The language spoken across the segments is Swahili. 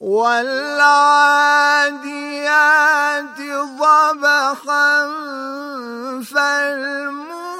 والعاديات ضبخا فالمؤمنين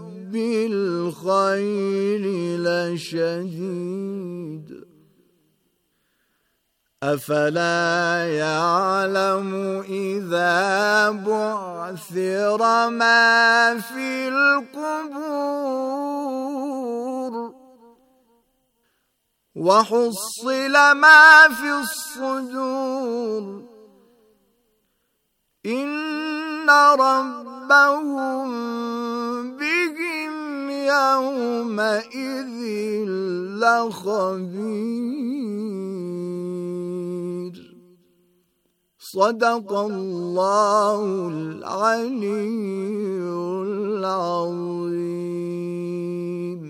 بالخير لشديد أفلا يعلم إذا بعثر ما في القبور وحصل ما في الصدور إن ربهم يومئذ لخبير صدق الله العلي العظيم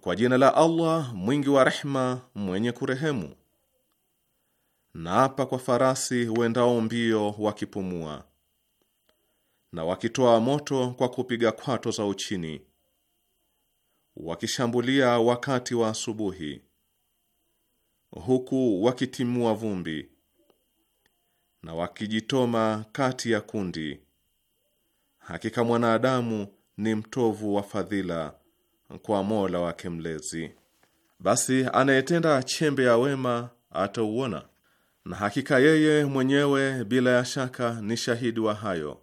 Kwa jina la Allah mwingi wa rehma mwenye kurehemu. Naapa kwa farasi wendao mbio wakipumua na wakitoa moto kwa kupiga kwato za uchini, wakishambulia wakati wa asubuhi, huku wakitimua vumbi na wakijitoma kati ya kundi. Hakika mwanadamu ni mtovu wa fadhila kwa Mola wake Mlezi. Basi anayetenda chembe ya wema atauona, na hakika yeye mwenyewe bila ya shaka ni shahidi wa hayo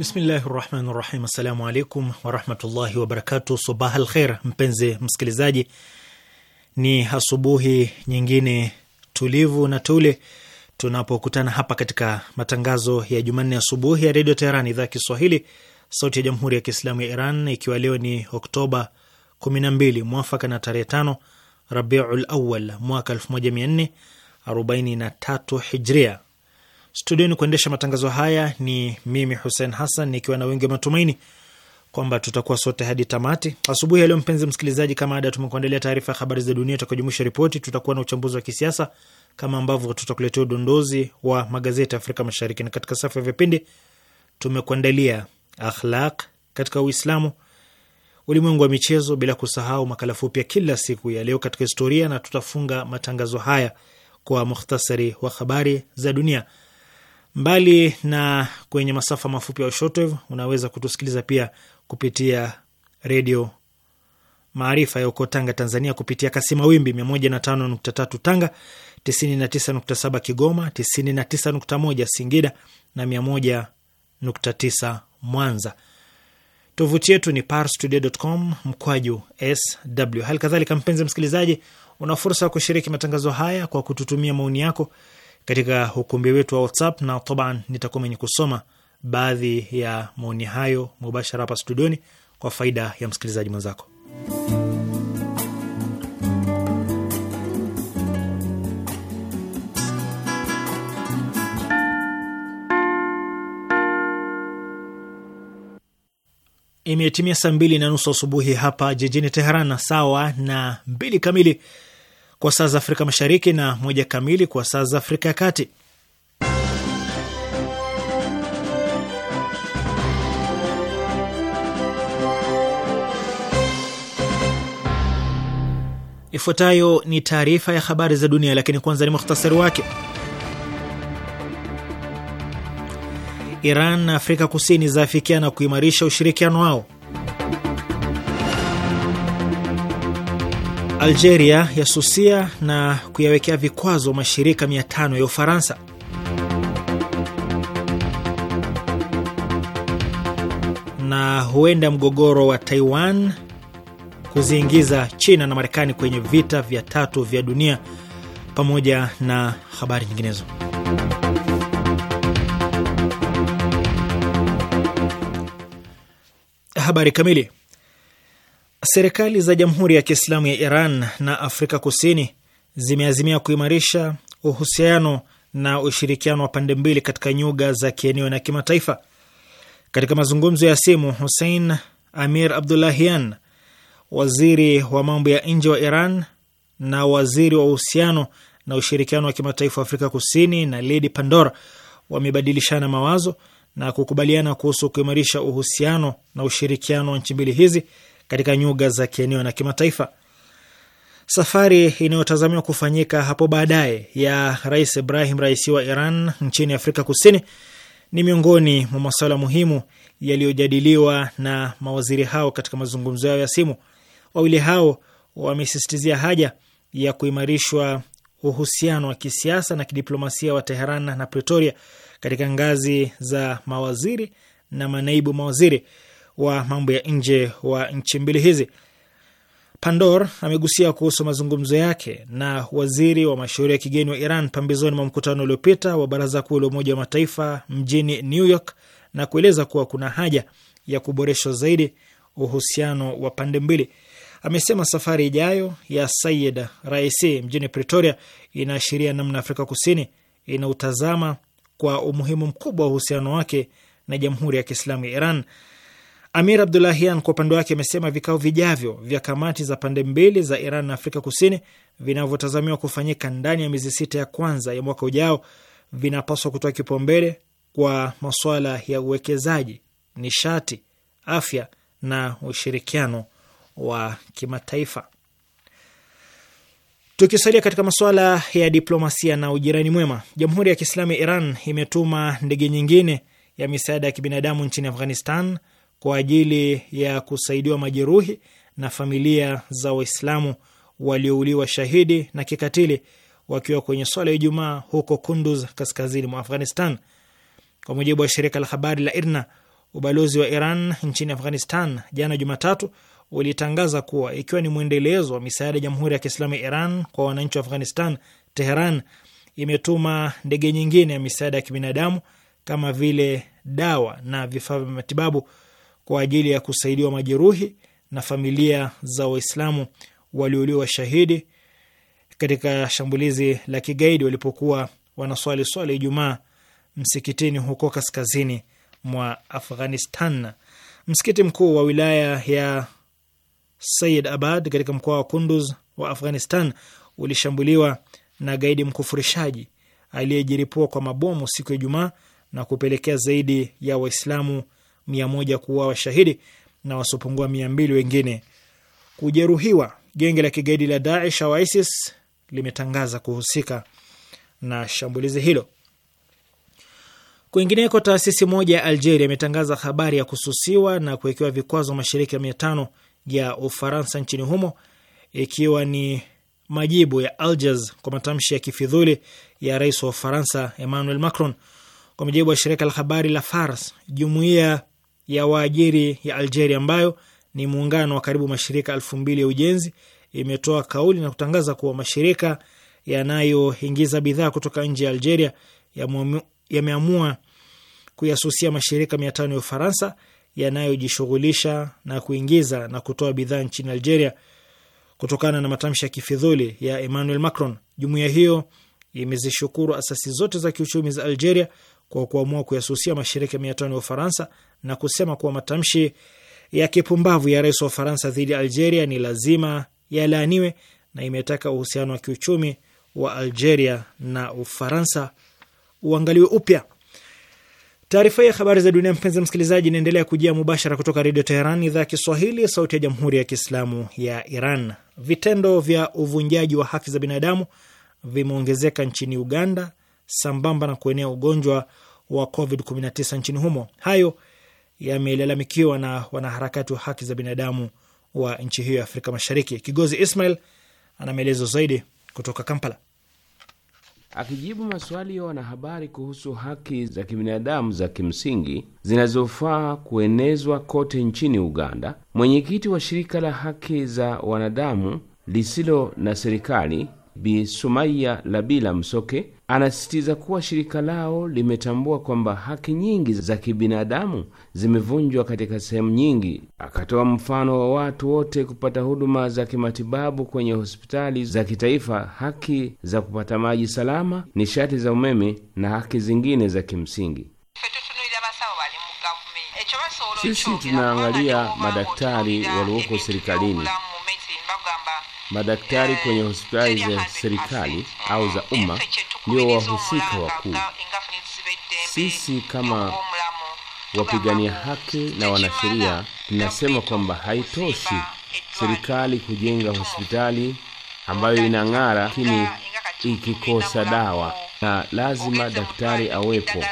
Bismillahi rahmani rahim. Assalamu alaikum warahmatullahi wabarakatu. Sabah al kher, mpenzi msikilizaji, ni asubuhi nyingine tulivu na tule tunapokutana hapa katika matangazo ya Jumanne asubuhi ya redio Teheran, idhaa ya Kiswahili, sauti ya jamhuri ya kiislamu ya Iran, ikiwa leo ni Oktoba 12 mwafaka na tarehe 5 Rabiul Awal mwaka 1443 Hijria Studioni kuendesha matangazo haya ni mimi Hussein Hassan, nikiwa na wengi wa matumaini kwamba tutakuwa sote hadi tamati asubuhi ya leo. Mpenzi msikilizaji, kama ada, tumekuandalia taarifa ya habari za dunia itakujumuisha ripoti, tutakuwa na uchambuzi wa kisiasa kama ambavyo tutakuletea udondozi wa magazeti Afrika Mashariki, na katika safu ya vipindi tumekuandalia akhlaq katika Uislamu, ulimwengu wa michezo, bila kusahau makala fupi ya kila siku ya leo katika historia, na tutafunga matangazo haya kwa mukhtasari wa habari za dunia. Mbali na kwenye masafa mafupi ya shortwave, unaweza kutusikiliza pia kupitia redio Maarifa ya huko Tanga, Tanzania, kupitia kasi mawimbi 105.3 Tanga, 99.7 Kigoma, 99.1 Singida na 101.9 Mwanza. Tovuti yetu ni parstoday.com mkwaju sw. Hali kadhalika, mpenzi msikilizaji, una fursa ya kushiriki matangazo haya kwa kututumia maoni yako katika ukumbi wetu wa WhatsApp na taban nitakuwa mwenye kusoma baadhi ya maoni hayo mubashara hapa studioni kwa faida ya msikilizaji mwenzako. Imetimia saa mbili na nusu asubuhi hapa jijini Teheran na sawa na mbili kamili kwa saa za Afrika Mashariki na moja kamili kwa saa za Afrika ya Kati. Ifuatayo ni taarifa ya habari za dunia, lakini kwanza ni muhtasari wake. Iran na Afrika Kusini zaafikiana kuimarisha ushirikiano wao. Algeria yasusia na kuyawekea vikwazo mashirika 500 ya Ufaransa. Na huenda mgogoro wa Taiwan kuziingiza China na Marekani kwenye vita vya tatu vya dunia, pamoja na habari nyinginezo. Habari kamili Serikali za Jamhuri ya Kiislamu ya Iran na Afrika Kusini zimeazimia kuimarisha uhusiano na ushirikiano wa pande mbili katika nyuga za kieneo na kimataifa. Katika mazungumzo ya simu, Hussein Amir Abdullahian, waziri wa mambo ya nje wa Iran na waziri wa uhusiano na ushirikiano wa kimataifa wa Afrika Kusini, na Lady Pandor wamebadilishana mawazo na kukubaliana kuhusu kuimarisha uhusiano na ushirikiano wa nchi mbili hizi katika nyuga za kieneo na kimataifa. Safari inayotazamiwa kufanyika hapo baadaye ya Rais Ibrahim Raisi wa Iran nchini Afrika Kusini ni miongoni mwa masuala muhimu yaliyojadiliwa na mawaziri hao katika mazungumzo yao ya simu. Wawili hao wamesisitizia haja ya kuimarishwa uhusiano wa kisiasa na kidiplomasia wa Teheran na Pretoria katika ngazi za mawaziri na manaibu mawaziri wa mambo ya nje wa nchi mbili hizi. Pandor amegusia kuhusu mazungumzo yake na waziri wa mashauri ya kigeni wa Iran pambizoni mwa mkutano uliopita wa Baraza Kuu la Umoja wa Mataifa mjini New York na kueleza kuwa kuna haja ya kuboreshwa zaidi uhusiano wa pande mbili. Amesema safari ijayo ya Sayid Raisi mjini Pretoria inaashiria namna Afrika Kusini inautazama kwa umuhimu mkubwa wa uhusiano wake na Jamhuri ya Kiislamu ya Iran Amir Abdulahian kwa upande wake amesema vikao vijavyo vya kamati za pande mbili za Iran na Afrika Kusini vinavyotazamiwa kufanyika ndani ya miezi sita ya kwanza ya mwaka ujao vinapaswa kutoa kipaumbele kwa masuala ya uwekezaji, nishati, afya na ushirikiano wa kimataifa. Tukisalia katika masuala ya diplomasia na ujirani mwema, Jamhuri ya Kiislamu ya Iran imetuma ndege nyingine ya misaada ya kibinadamu nchini Afghanistan kwa ajili ya kusaidiwa majeruhi na familia za Waislamu waliouliwa shahidi na kikatili wakiwa kwenye swala ya Ijumaa huko Kunduz, kaskazini mwa Afghanistan. Kwa mujibu wa shirika la habari la IRNA, ubalozi wa Iran nchini Afghanistan jana Jumatatu ulitangaza kuwa ikiwa ni mwendelezo wa misaada ya Jamhuri ya Kiislamu ya Iran kwa wananchi wa Afghanistan, Teheran imetuma ndege nyingine ya misaada ya kibinadamu kama vile dawa na vifaa vya matibabu kwa ajili ya kusaidiwa majeruhi na familia za Waislamu waliouliwa shahidi katika shambulizi la kigaidi walipokuwa wanaswali swala Ijumaa msikitini huko kaskazini mwa Afghanistan. Msikiti mkuu wa wilaya ya Sayid Abad katika mkoa wa Kunduz wa Afghanistan ulishambuliwa na gaidi mkufurishaji aliyejiripua kwa mabomu siku ya Ijumaa na kupelekea zaidi ya Waislamu mia moja kuwa washahidi na wasiopungua mia mbili wengine kujeruhiwa. Genge la kigaidi la Daesh au ISIS limetangaza kuhusika na shambulizi hilo. Kwingineko, taasisi moja ya Algeria imetangaza habari ya kususiwa na kuwekewa vikwazo mashirika mia tano ya Ufaransa nchini humo ikiwa ni majibu ya Algiers kwa matamshi ya kifidhuli ya rais wa Ufaransa Emmanuel Macron. Kwa mujibu wa shirika la habari la Fars, jumuiya ya waajiri ya Algeria ambayo ni muungano wa karibu mashirika elfu mbili ya ujenzi imetoa kauli na kutangaza kuwa mashirika yanayoingiza bidhaa kutoka nje ya Algeria yameamua kuyasusia mashirika mia tano ya Ufaransa yanayojishughulisha na kuingiza na kutoa bidhaa nchini Algeria kutokana na matamshi ya kifidhuli ya Emmanuel Macron. Jumuiya hiyo imezishukuru asasi zote za kiuchumi za Algeria kwa kuamua kuyasusia mashirika mia tano ya Ufaransa na kusema kuwa matamshi ya kipumbavu ya rais wa Ufaransa dhidi ya Algeria ni lazima yalaaniwe, na imetaka uhusiano wa kiuchumi wa Algeria na Ufaransa uangaliwe upya. Taarifa ya habari za dunia, mpenzi msikilizaji, inaendelea kujia mubashara kutoka Redio Teheran, idhaa ya Kiswahili, sauti ya jamhuri ya kiislamu ya Iran. Vitendo vya uvunjaji wa haki za binadamu vimeongezeka nchini Uganda sambamba na kuenea ugonjwa wa COVID-19 nchini humo. Hayo yamelalamikiwa na wanaharakati wa haki za binadamu wa nchi hiyo ya Afrika Mashariki. Kigozi Ismail ana maelezo zaidi kutoka Kampala. Akijibu maswali ya wanahabari kuhusu haki za kibinadamu za kimsingi zinazofaa kuenezwa kote nchini Uganda, mwenyekiti wa shirika la haki za wanadamu lisilo na serikali Bi Sumaiya Labila Msoke anasisitiza kuwa shirika lao limetambua kwamba haki nyingi za kibinadamu zimevunjwa katika sehemu nyingi. Akatoa mfano wa watu wote kupata huduma za kimatibabu kwenye hospitali za kitaifa, haki za kupata maji salama, nishati za umeme na haki zingine za kimsingi. Sisi tunaangalia madaktari walioko serikalini Madaktari kwenye hospitali za serikali au za umma ndio wahusika wakuu. Sisi kama wapigania haki na wanasheria tunasema kwamba haitoshi serikali kujenga hospitali ambayo inang'ara, lakini ikikosa dawa, na lazima daktari awepo.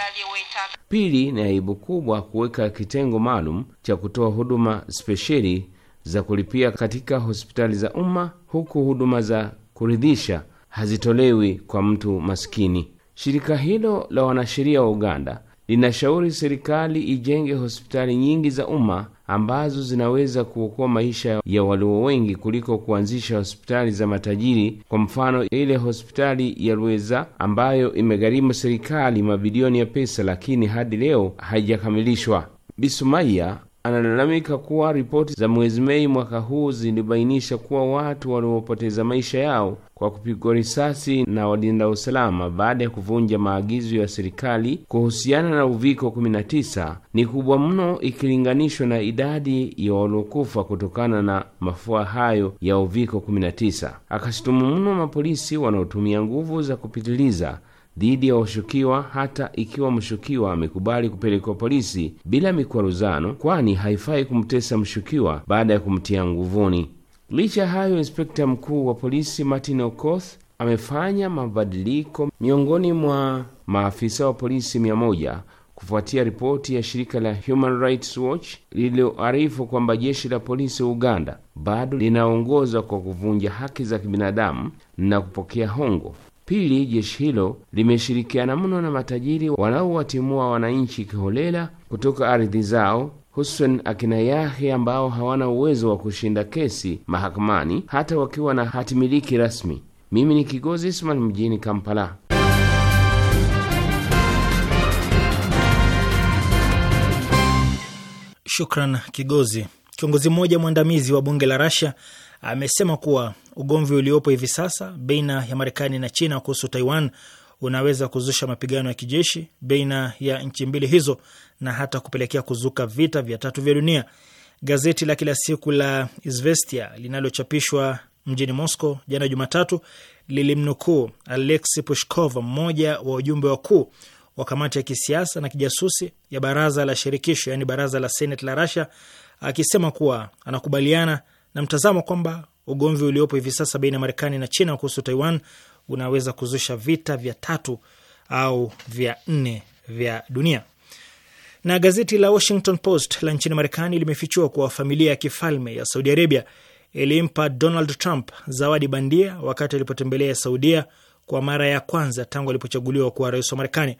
Pili, ni aibu kubwa kuweka kitengo maalum cha kutoa huduma spesheli za kulipia katika hospitali za umma, huku huduma za kuridhisha hazitolewi kwa mtu maskini. Shirika hilo la wanasheria wa Uganda linashauri serikali ijenge hospitali nyingi za umma ambazo zinaweza kuokoa maisha ya walio wengi kuliko kuanzisha hospitali za matajiri. Kwa mfano, ile hospitali ya Rweza ambayo imegharimu serikali mabilioni ya pesa, lakini hadi leo haijakamilishwa. Bisumaya analalamika kuwa ripoti za mwezi Mei mwaka huu zilibainisha kuwa watu waliopoteza maisha yao kwa kupigwa risasi na walinda usalama baada ya kuvunja maagizo ya serikali kuhusiana na uviko 19 ni kubwa mno ikilinganishwa na idadi ya waliokufa kutokana na mafua hayo ya uviko 19. Akashutumu mno mapolisi wanaotumia nguvu za kupitiliza dhidi ya washukiwa hata ikiwa mshukiwa amekubali kupelekwa polisi bila mikwaruzano, kwani haifai kumtesa mshukiwa baada ya kumtia nguvuni. Licha ya hayo, inspekta mkuu wa polisi Martin Okoth amefanya mabadiliko miongoni mwa maafisa wa polisi mia moja kufuatia ripoti ya shirika la Human Rights Watch lililoarifu kwamba jeshi la polisi Uganda bado linaongozwa kwa kuvunja haki za kibinadamu na kupokea hongo. Pili, jeshi hilo limeshirikiana mno na matajiri wanaowatimua wananchi kiholela kutoka ardhi zao, hususan akina Yahya ambao hawana uwezo wa kushinda kesi mahakamani hata wakiwa na hatimiliki rasmi. Mimi ni Kigozi Ismail mjini Kampala. Shukran Kigozi. Kiongozi mmoja mwandamizi wa bunge la rasia amesema kuwa ugomvi uliopo hivi sasa baina ya Marekani na China kuhusu Taiwan unaweza kuzusha mapigano ya kijeshi baina ya nchi mbili hizo na hata kupelekea kuzuka vita vya tatu vya dunia. Gazeti la kila siku la Izvestia linalochapishwa mjini Moscow jana Jumatatu lilimnukuu Alexi Pushkov, mmoja wa wajumbe wakuu wa kamati ya kisiasa na kijasusi ya baraza la shirikisho, yaani baraza la seneti la Russia, akisema kuwa anakubaliana na mtazamo kwamba ugomvi uliopo hivi sasa baina ya Marekani na China kuhusu Taiwan unaweza kuzusha vita vya tatu au vya nne vya dunia. Na gazeti la Washington Post la nchini Marekani limefichua kuwa familia ya kifalme ya Saudi Arabia ilimpa Donald Trump zawadi bandia wakati alipotembelea Saudia kwa mara ya kwanza tangu alipochaguliwa kuwa rais wa Marekani.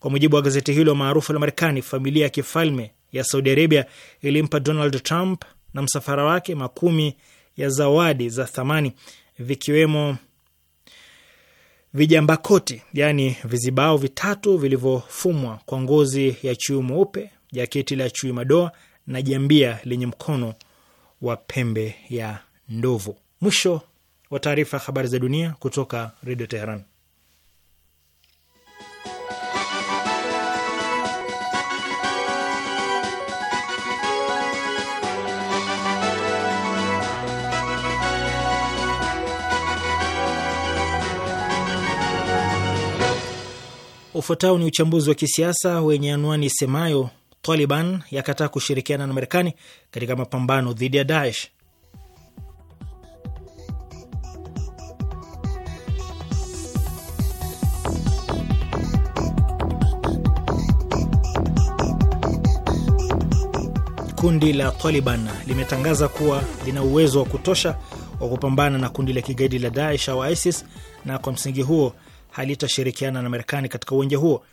Kwa mujibu wa gazeti hilo maarufu la Marekani, familia ya kifalme ya Saudi Arabia ilimpa Donald Trump na msafara wake makumi ya zawadi za thamani vikiwemo vijambakoti, yaani vizibao vitatu vilivyofumwa kwa ngozi ya chui mweupe, jaketi la chui madoa na jambia lenye mkono wa pembe ya ndovu. Mwisho wa taarifa ya habari za dunia kutoka Redio Teheran. Ufuatao ni uchambuzi wa kisiasa wenye anwani semayo Taliban yakataa kushirikiana na Marekani katika mapambano dhidi ya Daesh. Kundi la Taliban limetangaza kuwa lina uwezo wa kutosha wa kupambana na kundi la kigaidi la Daesh au ISIS, na kwa msingi huo halitashirikiana na Marekani katika uwanja huo.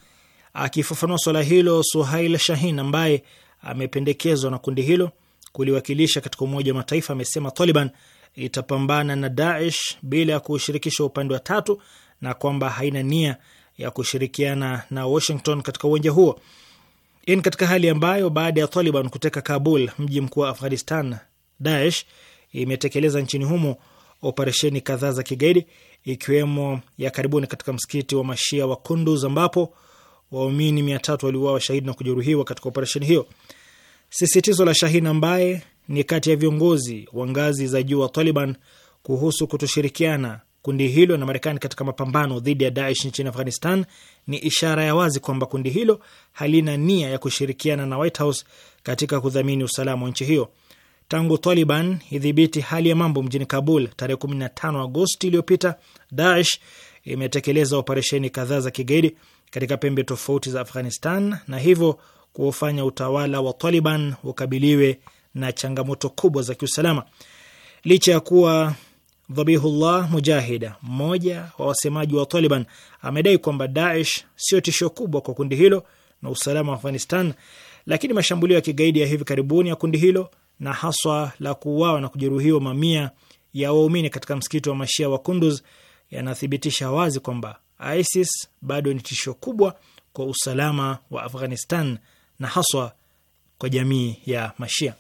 Akifafanua swala hilo, Suhail Shahin ambaye amependekezwa na kundi hilo kuliwakilisha katika Umoja wa Mataifa amesema Taliban itapambana na Daesh bila ya kushirikisha upande wa tatu na kwamba haina nia ya kushirikiana na Washington katika uwanja huo. Hii ni katika hali ambayo baada ya Taliban kuteka Kabul, mji mkuu wa Afghanistan, Daesh imetekeleza nchini humo operesheni kadhaa za kigaidi ikiwemo ya karibuni katika msikiti wa mashia wa Kunduz ambapo waumini mia tatu waliuawa shahidi na kujeruhiwa katika operesheni hiyo. Sisitizo la Shahin ambaye ni kati ya viongozi wa ngazi za juu wa Taliban kuhusu kutoshirikiana kundi hilo na Marekani katika mapambano dhidi ya Daesh nchini Afghanistan ni ishara ya wazi kwamba kundi hilo halina nia ya kushirikiana na White House katika kudhamini usalama wa nchi hiyo. Tangu Taliban idhibiti hali ya mambo mjini Kabul tarehe 15 Agosti iliyopita, Daesh imetekeleza operesheni kadhaa za kigaidi katika pembe tofauti za Afghanistan na hivyo kuufanya utawala wa Taliban ukabiliwe na changamoto kubwa za kiusalama. Licha ya kuwa Dhabihullah Mujahid, mmoja wa wasemaji wa Taliban, amedai kwamba Daesh sio tisho kubwa kwa kundi hilo na usalama wa Afghanistan, lakini mashambulio ya kigaidi ya hivi karibuni ya kundi hilo na haswa la kuuawa na kujeruhiwa mamia ya waumini katika msikiti wa mashia wa Kunduz yanathibitisha wazi kwamba ISIS bado ni tishio kubwa kwa usalama wa Afghanistan na haswa kwa jamii ya mashia.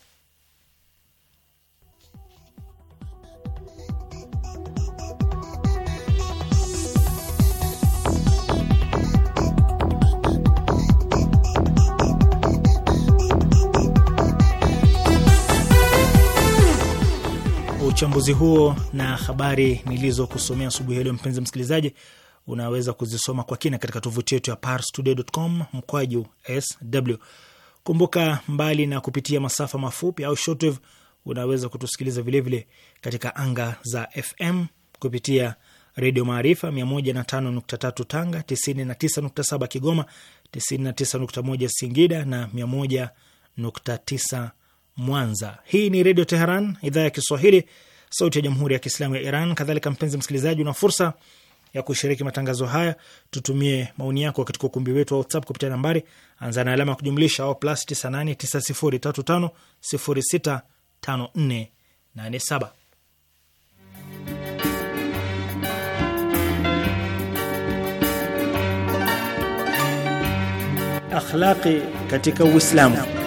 Uchambuzi huo na habari nilizokusomea asubuhi leo, mpenzi msikilizaji, unaweza kuzisoma kwa kina katika tovuti yetu ya parstoday.com mkwaju sw. Kumbuka, mbali na kupitia masafa mafupi au shortwave, unaweza kutusikiliza vilevile katika anga za FM kupitia Redio Maarifa 105.3 Tanga, 99.7 Kigoma, 99.1 Singida na 101.9 Mwanza. Hii ni Redio Teheran, idhaa ya Kiswahili, sauti ya jamhuri ya kiislamu ya Iran. Kadhalika mpenzi msikilizaji, una fursa ya kushiriki matangazo haya, tutumie maoni yako katika ukumbi wetu wa WhatsApp kupitia nambari anza na alama ya kujumlisha au plus 989035065487. Akhlaqi katika Uislamu.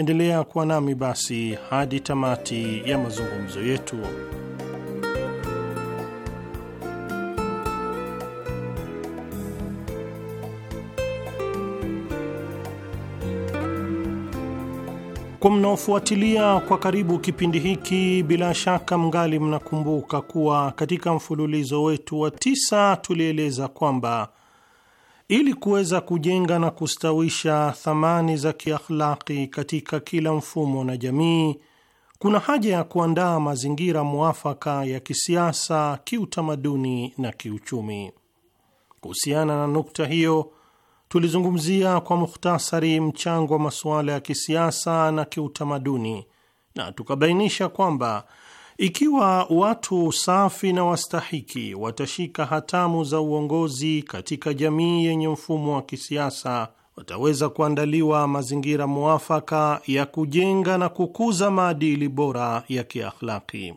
Endelea kuwa nami basi hadi tamati ya mazungumzo yetu. Kwa mnaofuatilia kwa karibu kipindi hiki, bila shaka mngali mnakumbuka kuwa katika mfululizo wetu wa tisa tulieleza kwamba ili kuweza kujenga na kustawisha thamani za kiakhlaki katika kila mfumo na jamii, kuna haja ya kuandaa mazingira muafaka ya kisiasa, kiutamaduni na kiuchumi. Kuhusiana na nukta hiyo, tulizungumzia kwa mukhtasari mchango wa masuala ya kisiasa na kiutamaduni na tukabainisha kwamba ikiwa watu safi na wastahiki watashika hatamu za uongozi katika jamii yenye mfumo wa kisiasa, wataweza kuandaliwa mazingira muafaka ya kujenga na kukuza maadili bora ya kiakhlaki.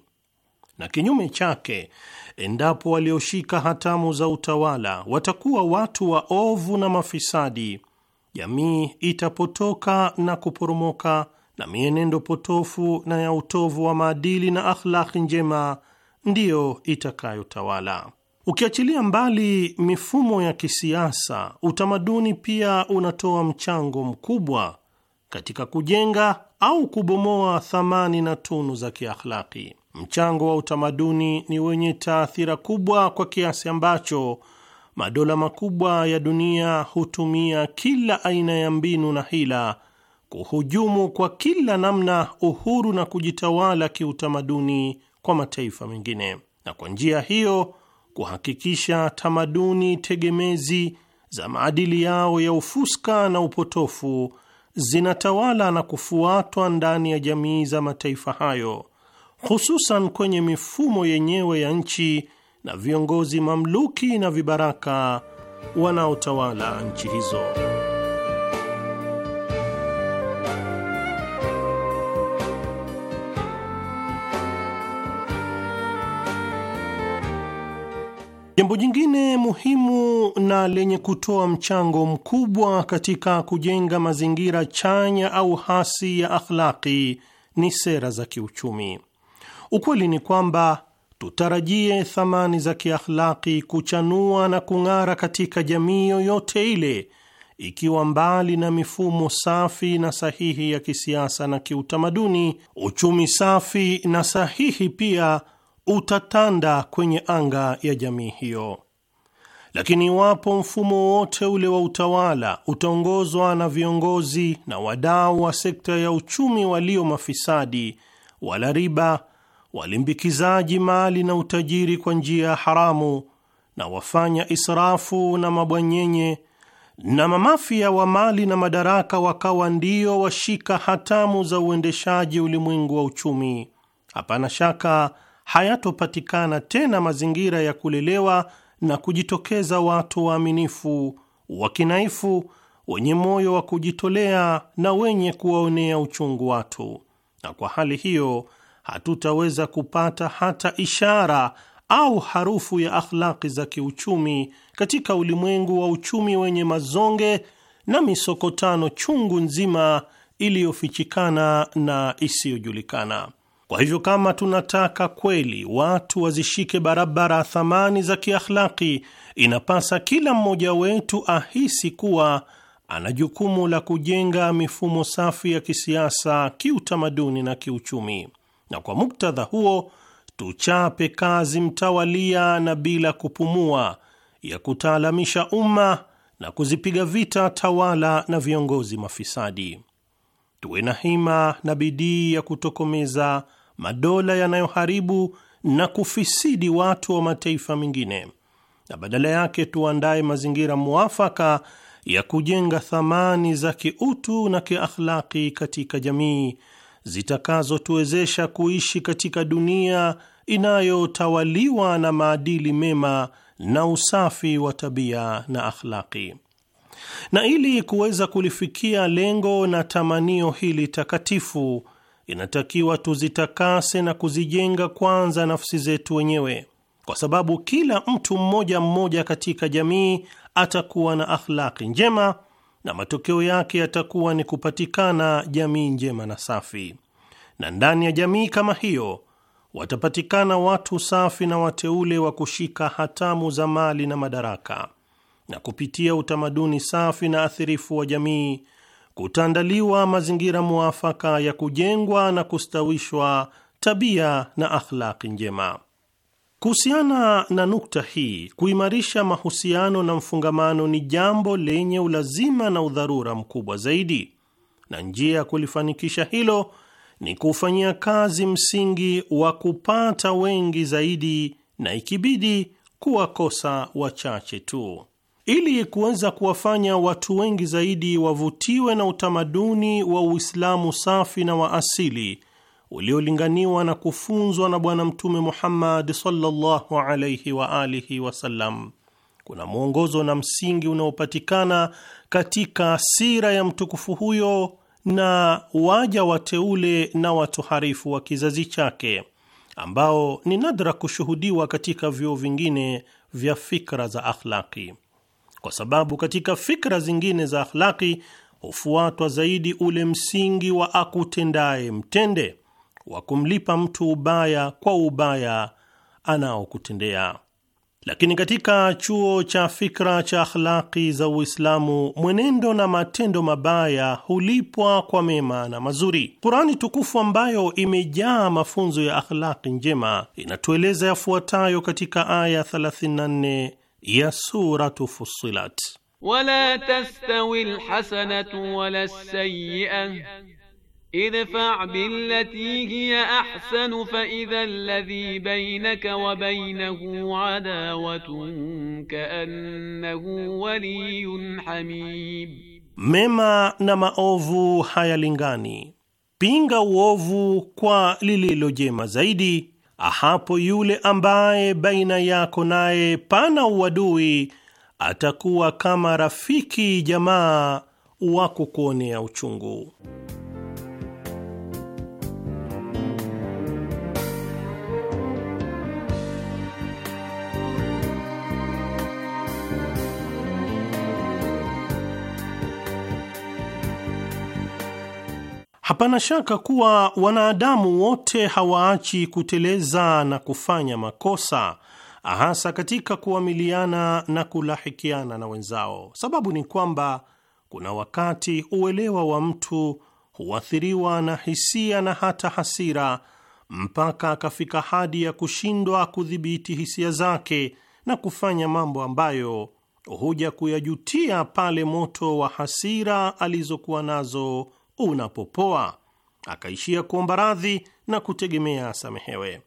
Na kinyume chake, endapo walioshika hatamu za utawala watakuwa watu waovu na mafisadi, jamii itapotoka na kuporomoka na mienendo potofu na ya utovu wa maadili na akhlaki njema ndiyo itakayotawala. Ukiachilia mbali mifumo ya kisiasa, utamaduni pia unatoa mchango mkubwa katika kujenga au kubomoa thamani na tunu za kiakhlaki. Mchango wa utamaduni ni wenye taathira kubwa kwa kiasi ambacho madola makubwa ya dunia hutumia kila aina ya mbinu na hila kuhujumu kwa kila namna uhuru na kujitawala kiutamaduni kwa mataifa mengine, na kwa njia hiyo kuhakikisha tamaduni tegemezi za maadili yao ya ufuska na upotofu zinatawala na kufuatwa ndani ya jamii za mataifa hayo, hususan kwenye mifumo yenyewe ya nchi na viongozi mamluki na vibaraka wanaotawala nchi hizo. Jambo jingine muhimu na lenye kutoa mchango mkubwa katika kujenga mazingira chanya au hasi ya akhlaki ni sera za kiuchumi. Ukweli ni kwamba tutarajie thamani za kiakhlaki kuchanua na kung'ara katika jamii yoyote ile, ikiwa mbali na mifumo safi na sahihi ya kisiasa na kiutamaduni, uchumi safi na sahihi pia utatanda kwenye anga ya jamii hiyo. Lakini iwapo mfumo wote ule wa utawala utaongozwa na viongozi na wadau wa sekta ya uchumi walio mafisadi, wala riba, walimbikizaji mali na utajiri kwa njia ya haramu, na wafanya israfu na mabwanyenye na mamafia wa mali na madaraka wakawa ndio washika hatamu za uendeshaji ulimwengu wa uchumi, hapana shaka hayatopatikana tena mazingira ya kulelewa na kujitokeza watu waaminifu, wakinaifu, wenye moyo wa kujitolea na wenye kuwaonea uchungu watu, na kwa hali hiyo hatutaweza kupata hata ishara au harufu ya akhlaki za kiuchumi katika ulimwengu wa uchumi wenye mazonge na misokotano chungu nzima iliyofichikana na isiyojulikana. Kwa hivyo kama tunataka kweli watu wazishike barabara thamani za kiakhlaki, inapasa kila mmoja wetu ahisi kuwa ana jukumu la kujenga mifumo safi ya kisiasa, kiutamaduni na kiuchumi, na kwa muktadha huo tuchape kazi mtawalia na bila kupumua ya kutaalamisha umma na kuzipiga vita tawala na viongozi mafisadi. Tuwe na hima na bidii ya kutokomeza madola yanayoharibu na kufisidi watu wa mataifa mengine, na badala yake tuandaye mazingira mwafaka ya kujenga thamani za kiutu na kiakhlaki katika jamii zitakazotuwezesha kuishi katika dunia inayotawaliwa na maadili mema na usafi wa tabia na akhlaki. Na ili kuweza kulifikia lengo na tamanio hili takatifu inatakiwa tuzitakase na kuzijenga kwanza nafsi zetu wenyewe, kwa sababu kila mtu mmoja mmoja katika jamii atakuwa na akhlaki njema na matokeo yake yatakuwa ni kupatikana jamii njema na safi, na ndani ya jamii kama hiyo watapatikana watu safi na wateule wa kushika hatamu za mali na madaraka, na kupitia utamaduni safi na athirifu wa jamii kutaandaliwa mazingira muafaka ya kujengwa na kustawishwa tabia na akhlaki njema. Kuhusiana na nukta hii, kuimarisha mahusiano na mfungamano ni jambo lenye ulazima na udharura mkubwa zaidi, na njia ya kulifanikisha hilo ni kuufanyia kazi msingi wa kupata wengi zaidi, na ikibidi kuwakosa wachache tu ili kuweza kuwafanya watu wengi zaidi wavutiwe na utamaduni wa Uislamu safi na wa asili uliolinganiwa na kufunzwa na Bwana Mtume Muhammad sallallahu alayhi wa alihi wasallam. Kuna mwongozo na msingi unaopatikana katika sira ya mtukufu huyo na waja wateule na watoharifu wa kizazi chake ambao ni nadra kushuhudiwa katika vyuo vingine vya fikra za akhlaki kwa sababu katika fikra zingine za akhlaki hufuatwa zaidi ule msingi wa akutendaye mtende, wa kumlipa mtu ubaya kwa ubaya anaokutendea. Lakini katika chuo cha fikra cha akhlaki za Uislamu, mwenendo na matendo mabaya hulipwa kwa mema na mazuri. Kurani tukufu ambayo imejaa mafunzo ya akhlaki njema inatueleza yafuatayo katika aya 34 ya suratu Fussilat, wala tastawi alhasanatu wala sayyi'a idfa' billati hiya ahsanu fa idha alladhi baynaka wa baynahu adawatun ka'annahu waliyyun hamim, mema na maovu hayalingani, pinga uovu kwa lililo jema zaidi hapo yule ambaye baina yako naye pana uadui atakuwa kama rafiki jamaa wa kukuonea uchungu. Hapana shaka kuwa wanadamu wote hawaachi kuteleza na kufanya makosa, hasa katika kuamiliana na kulahikiana na wenzao. Sababu ni kwamba kuna wakati uelewa wa mtu huathiriwa na hisia na hata hasira, mpaka akafika hadi ya kushindwa kudhibiti hisia zake na kufanya mambo ambayo huja kuyajutia pale moto wa hasira alizokuwa nazo unapopoa, akaishia kuomba radhi na kutegemea asamehewe.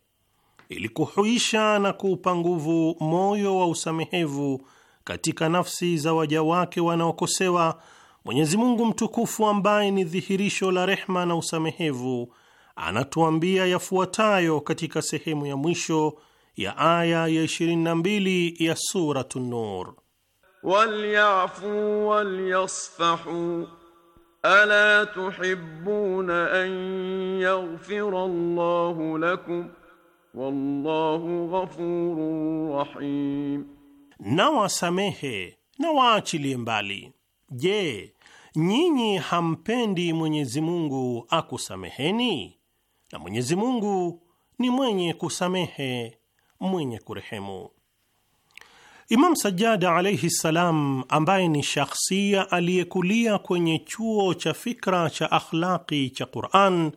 Ili kuhuisha na kuupa nguvu moyo wa usamehevu katika nafsi za waja wake wanaokosewa, Mwenyezi Mungu mtukufu ambaye ni dhihirisho la rehma na usamehevu anatuambia yafuatayo katika sehemu ya mwisho ya aya ya 22 ya Suratu Nur: walyafu walyasfahu ألا تحبون أن يغفر الله لكم wallahu ghafurur rahim, na wasamehe waachilie mbali. Je, nyinyi hampendi Mwenyezi Mungu akusameheni? Na Mwenyezi Mungu ni mwenye kusamehe mwenye kurehemu. Imam Sajjada alaihi ssalam, ambaye ni shakhsia aliyekulia kwenye chuo cha fikra cha akhlaqi cha Quran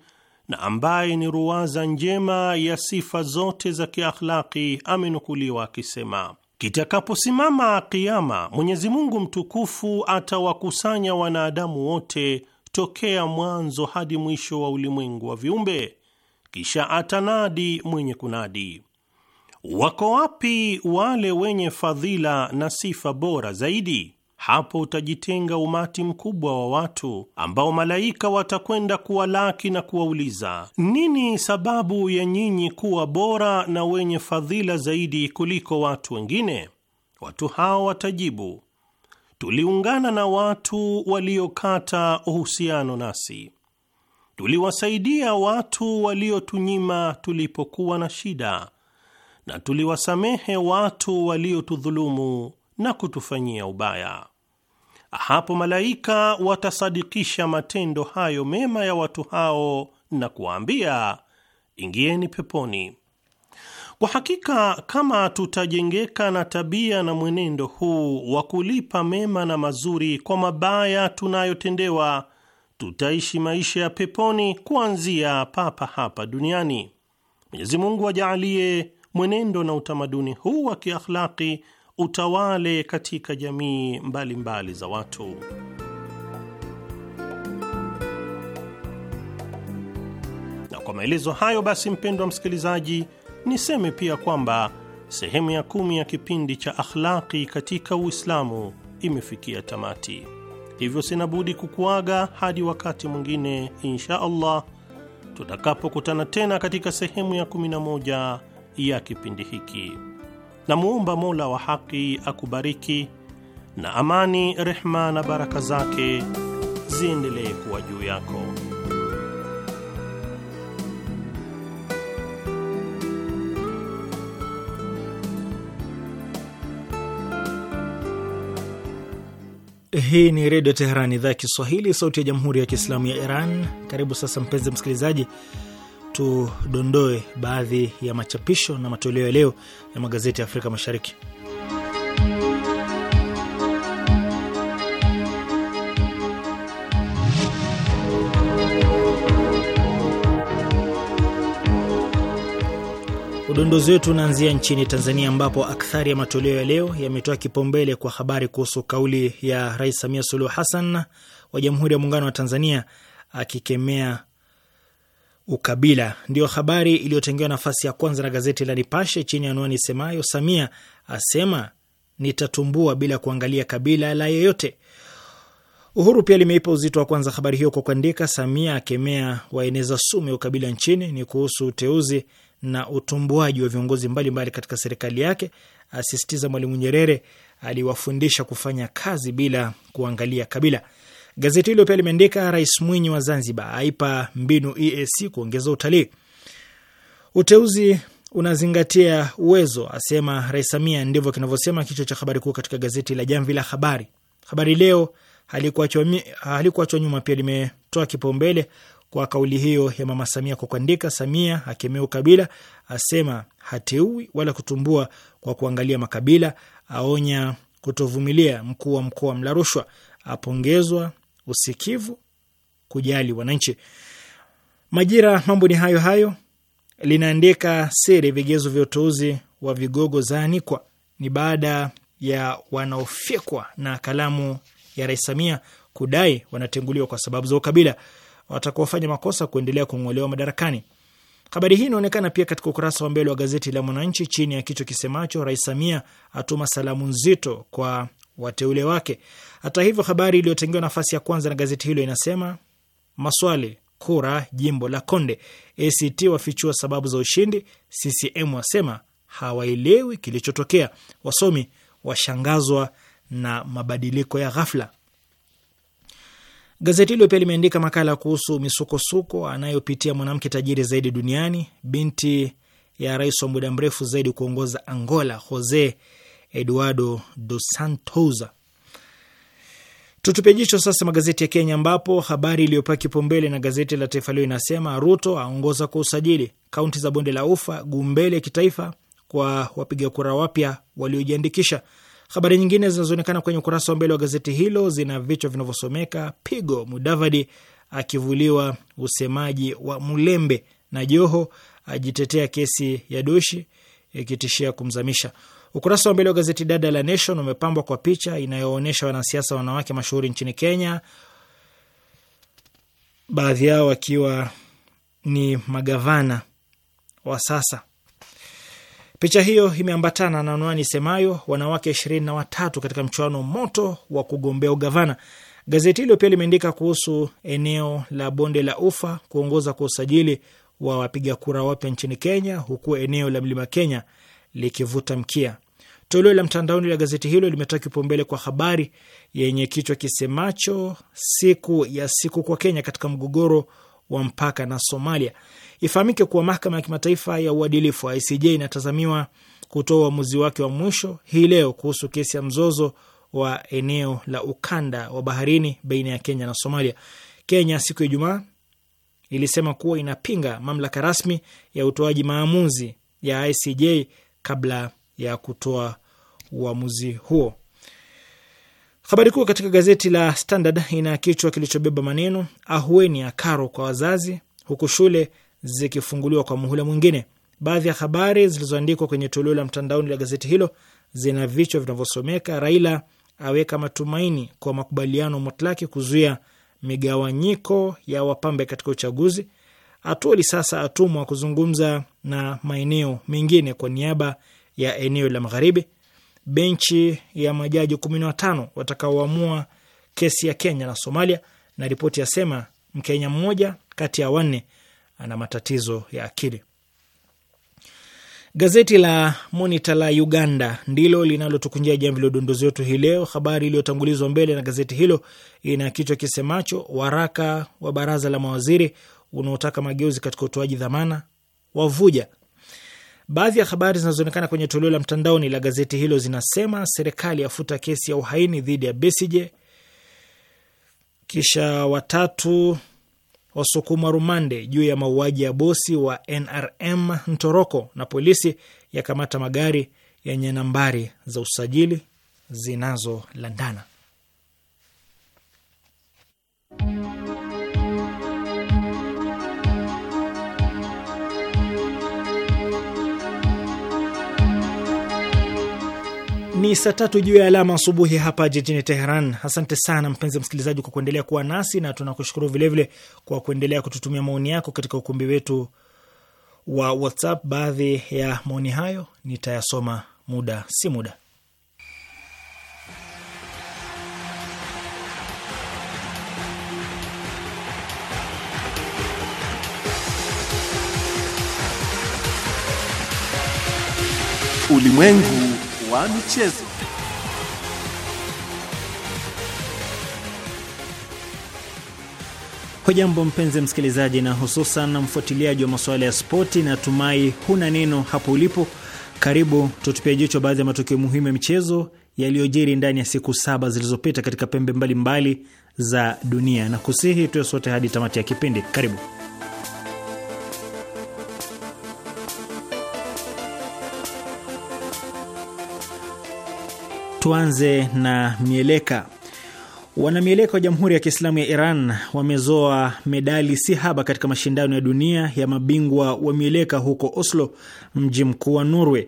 na ambaye ni ruwaza njema ya sifa zote za kiakhlaqi, amenukuliwa akisema, kitakaposimama Kiama, Mwenyezi Mungu mtukufu atawakusanya wanadamu wote tokea mwanzo hadi mwisho wa ulimwengu wa viumbe, kisha atanadi mwenye kunadi Wako wapi wale wenye fadhila na sifa bora zaidi? Hapo utajitenga umati mkubwa wa watu ambao malaika watakwenda kuwalaki na kuwauliza, nini sababu ya nyinyi kuwa bora na wenye fadhila zaidi kuliko watu wengine? Watu hao watajibu, tuliungana na watu waliokata uhusiano nasi, tuliwasaidia watu waliotunyima tulipokuwa na shida na tuliwasamehe watu waliotudhulumu na kutufanyia ubaya. Hapo malaika watasadikisha matendo hayo mema ya watu hao na kuwaambia, ingieni peponi. Kwa hakika kama tutajengeka na tabia na mwenendo huu wa kulipa mema na mazuri kwa mabaya tunayotendewa, tutaishi maisha ya peponi kuanzia papa hapa duniani. Mwenyezi Mungu ajaalie mwenendo na utamaduni huu wa kiakhlaki utawale katika jamii mbalimbali mbali za watu. Na kwa maelezo hayo basi, mpendwa msikilizaji, niseme pia kwamba sehemu ya kumi ya kipindi cha akhlaki katika Uislamu imefikia tamati, hivyo sina budi kukuaga hadi wakati mwingine insha Allah tutakapokutana tena katika sehemu ya 11 ya kipindi hiki. muumba Mola wa haki akubariki, na amani, rehma na baraka zake ziendelee kuwa juu yako. Hii ni Redio Teheran, idhaa ya Kiswahili, sauti ya Jamhuri ya Kiislamu ya Iran. Karibu sasa, mpenzi msikilizaji tudondoe baadhi ya machapisho na matoleo ya leo ya magazeti ya Afrika Mashariki. Udondozi wetu unaanzia nchini Tanzania, ambapo akthari ya matoleo ya leo yametoa kipaumbele kwa habari kuhusu kauli ya Rais Samia Suluhu Hassan wa Jamhuri ya Muungano wa Tanzania akikemea ukabila. Ndiyo habari iliyotengewa nafasi ya kwanza na gazeti la Nipashe chini ya anwani semayo, Samia asema nitatumbua bila kuangalia kabila la yeyote. Uhuru pia limeipa uzito wa kwanza habari hiyo kwa kuandika, Samia akemea waeneza sumu ya ukabila nchini. Ni kuhusu uteuzi na utumbuaji wa viongozi mbalimbali mbali katika serikali yake, asisitiza Mwalimu Nyerere aliwafundisha kufanya kazi bila kuangalia kabila. Gazeti hilo pia limeandika Rais Mwinyi wa Zanzibar aipa mbinu EAC kuongeza utalii. Uteuzi unazingatia uwezo, asema Rais Samia. Ndivyo kinavyosema kichwa cha habari kuu katika gazeti la Jamvi la Habari. Habari Leo halikuachwa nyuma, pia limetoa kipaumbele kwa kauli hiyo ya Mama Samia kwa kuandika, Samia akemea ukabila, asema hateui wala kutumbua kwa kuangalia makabila, aonya kutovumilia mkuu wa mkoa mla rushwa apongezwa usikivu, kujali wananchi. Majira mambo ni hayo hayo linaandika siri, vigezo vya uteuzi wa vigogo zaanikwa. Ni baada ya wanaofyekwa na kalamu ya Rais Samia kudai wanatenguliwa kwa sababu za ukabila, watakaofanya makosa kuendelea kung'olewa madarakani. Habari hii inaonekana pia katika ukurasa wa mbele wa gazeti la Mwananchi chini ya kichwa kisemacho Rais Samia atuma salamu nzito kwa wateule wake. Hata hivyo, habari iliyotengewa nafasi ya kwanza na gazeti hilo inasema maswali kura jimbo la Konde, ACT wafichua sababu za ushindi, CCM wasema hawaelewi kilichotokea, wasomi washangazwa na mabadiliko ya ghafla. Gazeti hilo pia limeandika makala kuhusu misukosuko anayopitia mwanamke tajiri zaidi duniani, binti ya rais wa muda mrefu zaidi kuongoza Angola, Jose Eduardo Dos Santos. Tutupe jicho sasa magazeti ya Kenya, ambapo habari iliyopewa kipaumbele na gazeti la Taifa Leo inasema Ruto aongoza kwa usajili kaunti za bonde la ufa, gumbele ya kitaifa kwa wapiga kura wapya waliojiandikisha. Habari nyingine zinazoonekana kwenye ukurasa wa mbele wa gazeti hilo zina vichwa vinavyosomeka pigo Mudavadi akivuliwa usemaji wa Mulembe na Joho ajitetea kesi ya Doshi ikitishia kumzamisha. Ukurasa wa mbele wa gazeti dada la Nation umepambwa kwa picha inayoonyesha wanasiasa wanawake mashuhuri nchini Kenya, baadhi yao wakiwa ni magavana wa sasa. Picha hiyo imeambatana na anwani isemayo wanawake ishirini na watatu katika mchuano moto wa kugombea ugavana. Gazeti hilo pia limeandika kuhusu eneo la bonde la ufa kuongoza kwa usajili wa wapiga kura wapya nchini Kenya, huku eneo la mlima Kenya likivuta mkia. Toleo la mtandaoni la gazeti hilo limetoa kipaumbele kwa habari yenye kichwa kisemacho siku ya siku kwa Kenya katika mgogoro wa mpaka na Somalia. Ifahamike kuwa mahakama ya kimataifa ya uadilifu ICJ inatazamiwa kutoa uamuzi wake wa mwisho hii leo kuhusu kesi ya mzozo wa eneo la ukanda wa baharini baina ya Kenya na Somalia. Kenya siku ya Ijumaa ilisema kuwa inapinga mamlaka rasmi ya utoaji maamuzi ya ICJ kabla ya kutoa uamuzi huo. Habari kuu katika gazeti la Standard ina kichwa kilichobeba maneno ahueni ya karo kwa wazazi, huku shule zikifunguliwa kwa muhula mwingine. Baadhi ya habari zilizoandikwa kwenye toleo la mtandaoni la gazeti hilo zina vichwa vinavyosomeka: Raila aweka matumaini kwa makubaliano mutlaki kuzuia migawanyiko ya wapambe katika uchaguzi, Atuoli sasa atumwa kuzungumza na maeneo mengine kwa niaba ya eneo la magharibi. Benchi ya majaji kumi na watano watakaoamua kesi ya Kenya na Somalia, na ripoti yasema Mkenya mmoja kati ya wanne ana matatizo ya akili. Gazeti la Monitor la Uganda ndilo linalotukunjia jamvi la udondozi wetu hii leo. Habari iliyotangulizwa mbele na gazeti hilo ina kichwa kisemacho waraka wa baraza la mawaziri unaotaka mageuzi katika utoaji dhamana wavuja. Baadhi ya habari zinazoonekana kwenye toleo la mtandaoni la gazeti hilo zinasema serikali yafuta kesi ya uhaini dhidi ya Besije, kisha watatu wasukuma rumande juu ya mauaji ya bosi wa NRM Ntoroko, na polisi yakamata magari yenye nambari za usajili zinazolandana. Ni saa tatu juu ya alama asubuhi hapa jijini Teheran. Asante sana mpenzi msikilizaji kwa kuendelea kuwa nasi na tunakushukuru vilevile kwa kuendelea kututumia maoni yako katika ukumbi wetu wa WhatsApp. Baadhi ya maoni hayo nitayasoma muda si muda. Ulimwengu wa michezo. Hujambo mpenzi msikilizaji, na hususan mfuatiliaji wa masuala ya spoti, na tumai huna neno hapo ulipo. Karibu tutupia jicho baadhi ya matukio muhimu ya michezo yaliyojiri ndani ya siku saba zilizopita katika pembe mbalimbali mbali za dunia, na kusihi tuwe sote hadi tamati ya kipindi. Karibu. Tuanze na mieleka. Wanamieleka wa Jamhuri ya Kiislamu ya Iran wamezoa medali si haba katika mashindano ya dunia ya mabingwa wa mieleka huko Oslo, mji mkuu wa Norway.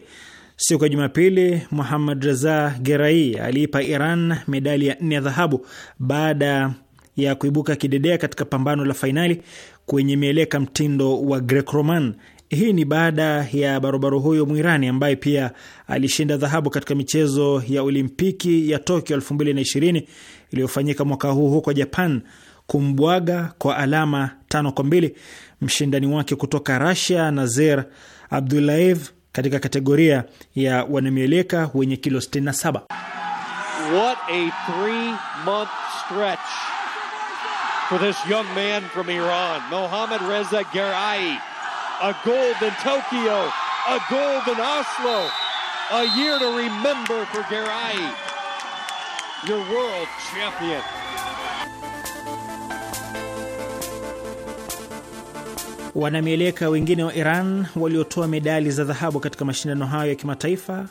Siku ya Jumapili, Muhammad Reza Gerai aliipa Iran medali ya nne ya dhahabu baada ya kuibuka kidedea katika pambano la fainali kwenye mieleka mtindo wa Greco-Roman. Hii ni baada ya barobaro huyo Mwirani ambaye pia alishinda dhahabu katika michezo ya Olimpiki ya Tokyo 2020 iliyofanyika mwaka huu huko Japan kumbwaga kwa alama tano kwa mbili mshindani wake kutoka rasia Nazer Abdulaev katika kategoria ya wanamieleka wenye kilo 67. What a three-month stretch for this young man from Iran, Mohammad Reza a gold in Tokyo, a gold in Oslo, a year to remember for Garay, your world champion. Wanamieleka wengine wa Iran waliotoa medali za dhahabu katika mashindano hayo ya kimataifa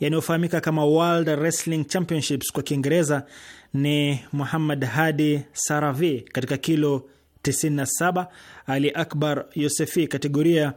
yanayofahamika kama World Wrestling Championships kwa Kiingereza ni Muhammad Hadi Saravi katika kilo 97, Ali Akbar Yosefi kategoria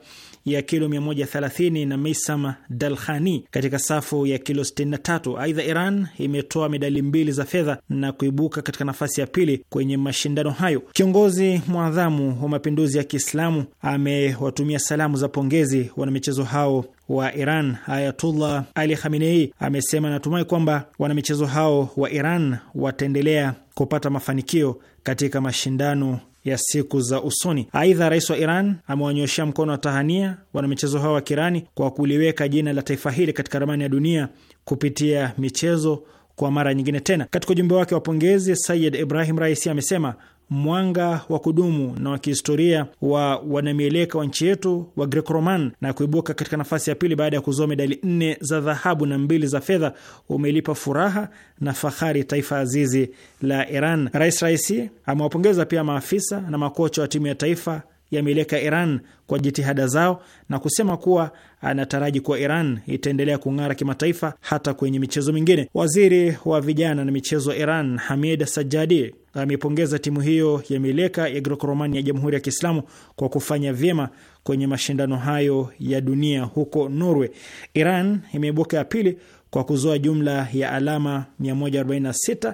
ya kilo 130 na Misam Dalkhani katika safu ya kilo 63. Aidha, Iran imetoa medali mbili za fedha na kuibuka katika nafasi ya pili kwenye mashindano hayo. Kiongozi mwadhamu wa mapinduzi ya Kiislamu amewatumia salamu za pongezi wanamichezo hao wa Iran. Ayatullah Ali Khamenei amesema anatumai kwamba wanamichezo hao wa Iran wataendelea kupata mafanikio katika mashindano ya siku za usoni. Aidha, rais wa Iran amewanyoshea mkono wa tahania wanamichezo hao wa Kirani kwa kuliweka jina la taifa hili katika ramani ya dunia kupitia michezo kwa mara nyingine tena. Katika ujumbe wake wa pongezi, Sayid Ibrahim Raisi amesema mwanga wa kudumu na wa kihistoria wa wanamieleka wa nchi yetu wa Greco-Roman na kuibuka katika nafasi ya pili baada ya kuzoa medali nne za dhahabu na mbili za fedha umelipa furaha na fahari taifa azizi la Iran. Rais Raisi amewapongeza pia maafisa na makocha wa timu ya taifa yameiweka Iran kwa jitihada zao na kusema kuwa anataraji kuwa Iran itaendelea kung'ara kimataifa hata kwenye michezo mingine. Waziri wa vijana na michezo wa Iran Hamid sajadi ameipongeza timu hiyo ya mieleka ya Grokoromani ya Jamhuri ya Kiislamu kwa kufanya vyema kwenye mashindano hayo ya dunia huko Norway. Iran imeibuka ya pili kwa kuzoa jumla ya alama 146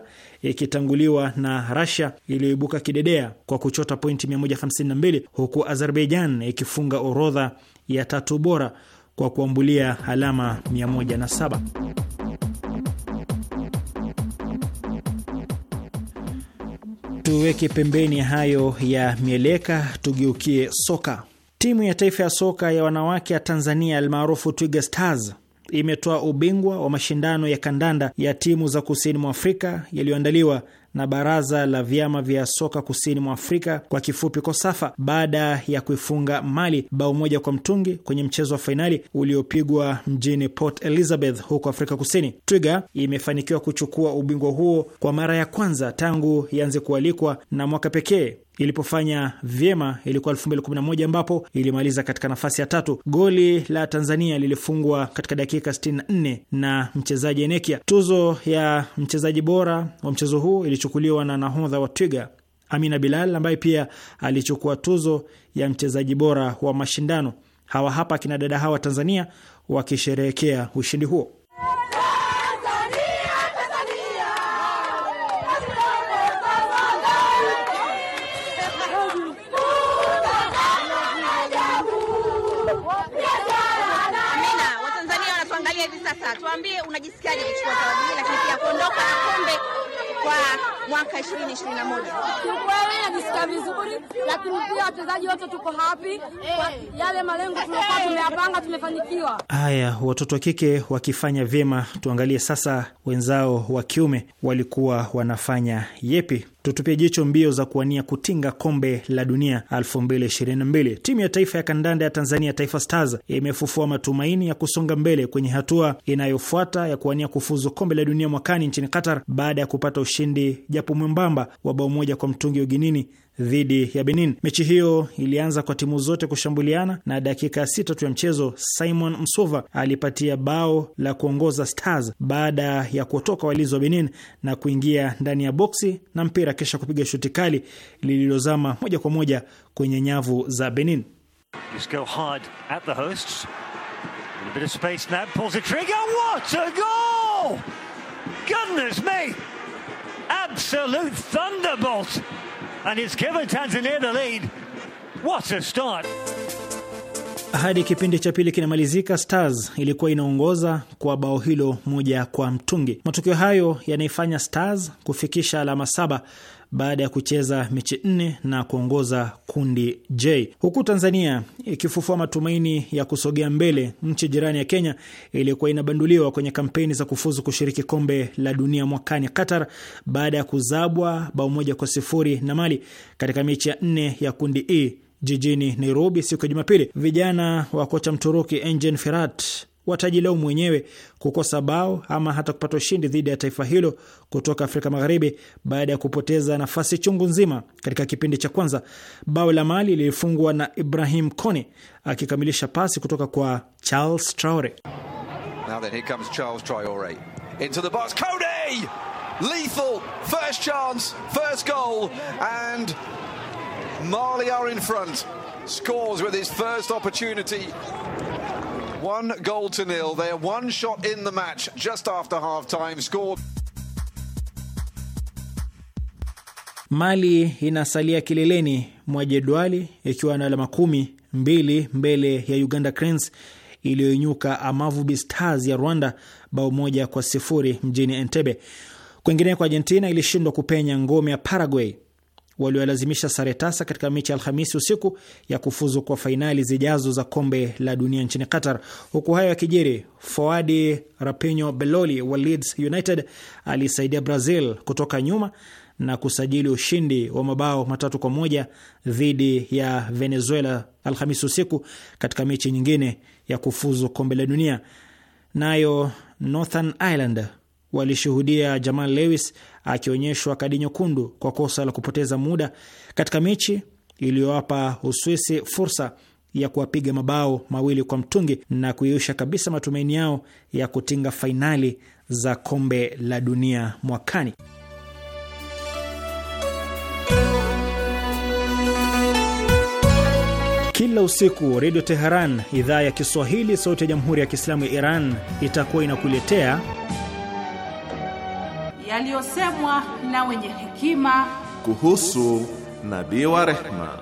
ikitanguliwa na Russia iliyoibuka kidedea kwa kuchota pointi 152 huku Azerbaijan ikifunga orodha ya tatu bora kwa kuambulia alama 107. Tuweke pembeni hayo ya mieleka, tugeukie soka. Timu ya taifa ya soka ya wanawake ya Tanzania almaarufu Twiga Stars imetoa ubingwa wa mashindano ya kandanda ya timu za kusini mwa Afrika yaliyoandaliwa na baraza la vyama vya soka kusini mwa Afrika kwa kifupi KOSAFA baada ya kuifunga Mali bao moja kwa mtungi kwenye mchezo wa fainali uliopigwa mjini Port Elizabeth huko Afrika Kusini. Twiga imefanikiwa kuchukua ubingwa huo kwa mara ya kwanza tangu ianze kualikwa na mwaka pekee ilipofanya vyema ilikuwa 2011 ambapo ilimaliza katika nafasi ya tatu. Goli la Tanzania lilifungwa katika dakika 64 na mchezaji Enekia. Tuzo ya mchezaji bora wa mchezo huu ilichukuliwa na nahodha wa Twiga Amina Bilal ambaye pia alichukua tuzo ya mchezaji bora wa mashindano. Hawa hapa akina dada hawa Tanzania wakisherehekea ushindi huo. sasa tuambie, unajisikiaje kuchukua zawadi hii, lakini pia kuondoka na kombe kwa mwaka 2021? Kiukweli najisikia vizuri, lakini pia wachezaji wote tuko hapi kwa yale malengo tulikuwa tumeyapanga, tumefanikiwa. Haya, watoto wa kike wakifanya vyema, tuangalie sasa wenzao wa kiume walikuwa wanafanya yepi tutupia jicho mbio za kuwania kutinga kombe la dunia 2022. Timu ya taifa ya kandanda ya Tanzania, Taifa Stars, imefufua matumaini ya kusonga mbele kwenye hatua inayofuata ya kuwania kufuzu kombe la dunia mwakani nchini Qatar baada ya kupata ushindi japo mwembamba wa bao moja kwa mtungi Uginini dhidi ya Benin. Mechi hiyo ilianza kwa timu zote kushambuliana na dakika ya sita tu ya mchezo Simon Msuva alipatia bao la kuongoza Stars baada ya kuotoka walinzi wa Benin na kuingia ndani ya boksi na mpira kisha kupiga shuti kali lililozama moja kwa moja kwenye nyavu za Benin and it's given Tanzania the lead. What a start! Hadi kipindi cha pili kinamalizika, Stars ilikuwa inaongoza kwa bao hilo moja kwa mtungi. Matokeo hayo yanaifanya Stars kufikisha alama saba baada ya kucheza mechi nne na kuongoza kundi J, huku Tanzania ikifufua matumaini ya kusogea mbele. Nchi jirani ya Kenya ilikuwa inabanduliwa kwenye kampeni za kufuzu kushiriki kombe la dunia mwakani Qatar, baada ya kuzabwa bao moja kwa sifuri na Mali katika mechi ya nne ya kundi E jijini Nairobi siku ya Jumapili. Vijana wa kocha Mturuki Engin Firat watajilaumu mwenyewe kukosa bao ama hata kupata ushindi dhidi ya taifa hilo kutoka Afrika Magharibi baada ya kupoteza nafasi chungu nzima katika kipindi cha kwanza. Bao la Mali lilifungwa na Ibrahim Kone akikamilisha pasi kutoka kwa Charles Traore. Now then, here comes Charles Traore into the box. Kone! Lethal first chance, first goal and Mali are in front. Scores with his first opportunity. One goal to nil. They are one shot in the match just after half time. Scored. Mali inasalia kileleni mwa jedwali ikiwa na alama kumi, mbili mbele ya Uganda Cranes iliyoinyuka Amavubi Stars ya Rwanda bao moja kwa sifuri mjini Entebbe. Kwingine kwa Argentina ilishindwa kupenya ngome ya Paraguay waliolazimisha sare tasa katika mechi ya Alhamisi usiku ya kufuzu kwa fainali zijazo za kombe la dunia nchini Qatar. Huku hayo yakijiri, Foadi Rapinho Beloli wa Leeds United alisaidia Brazil kutoka nyuma na kusajili ushindi wa mabao matatu kwa moja dhidi ya Venezuela Alhamisi usiku katika mechi nyingine ya kufuzu kombe la dunia. Nayo Northern Ireland walishuhudia Jamal Lewis akionyeshwa kadi nyekundu kwa kosa la kupoteza muda katika mechi iliyowapa Uswisi fursa ya kuwapiga mabao mawili kwa mtungi na kuiusha kabisa matumaini yao ya kutinga fainali za kombe la dunia mwakani. Kila usiku Redio Teheran idhaa ya Kiswahili, sauti ya Jamhuri ya Kiislamu ya Iran itakuwa inakuletea yaliyosemwa na wenye hekima kuhusu nabii wa rehma.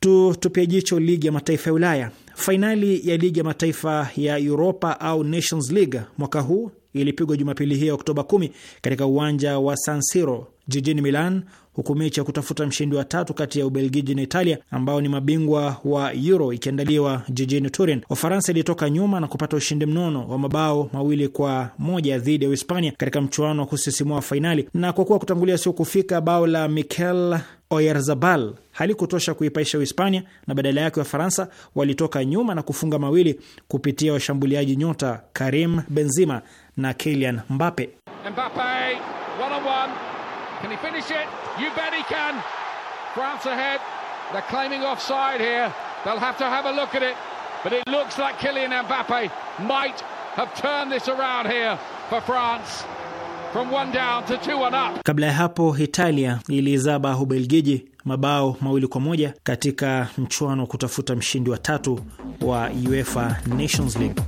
Tutupia jicho ligi ya mataifa ya Ulaya. Fainali ya ligi ya mataifa ya Uropa au Nations League mwaka huu ilipigwa Jumapili hii ya Oktoba 10 katika uwanja wa San Siro jijini Milan, huku mechi ya kutafuta mshindi wa tatu kati ya Ubelgiji na Italia ambao ni mabingwa wa Euro ikiandaliwa jijini Turin. Ufaransa ilitoka nyuma na kupata ushindi mnono wa mabao mawili kwa moja dhidi ya Uhispania katika mchuano wa kusisimua fainali, na kwa kuwa kutangulia sio kufika, bao la Mikel Oyarzabal halikutosha kuipaisha Uhispania na badala yake Wafaransa walitoka nyuma na kufunga mawili kupitia washambuliaji nyota Karim Benzema na Kylian Mbappe. Mbappe, one on one. Can he finish it? You bet he can. France ahead. They're claiming offside here. They'll have to have a look at it. But it looks like Kylian Mbappe might have turned this around here for France. From one down to two and up. Kabla ya hapo Italia ilizaba Ubelgiji mabao mawili kwa moja katika mchuano wa kutafuta mshindi wa tatu wa UEFA Nations League.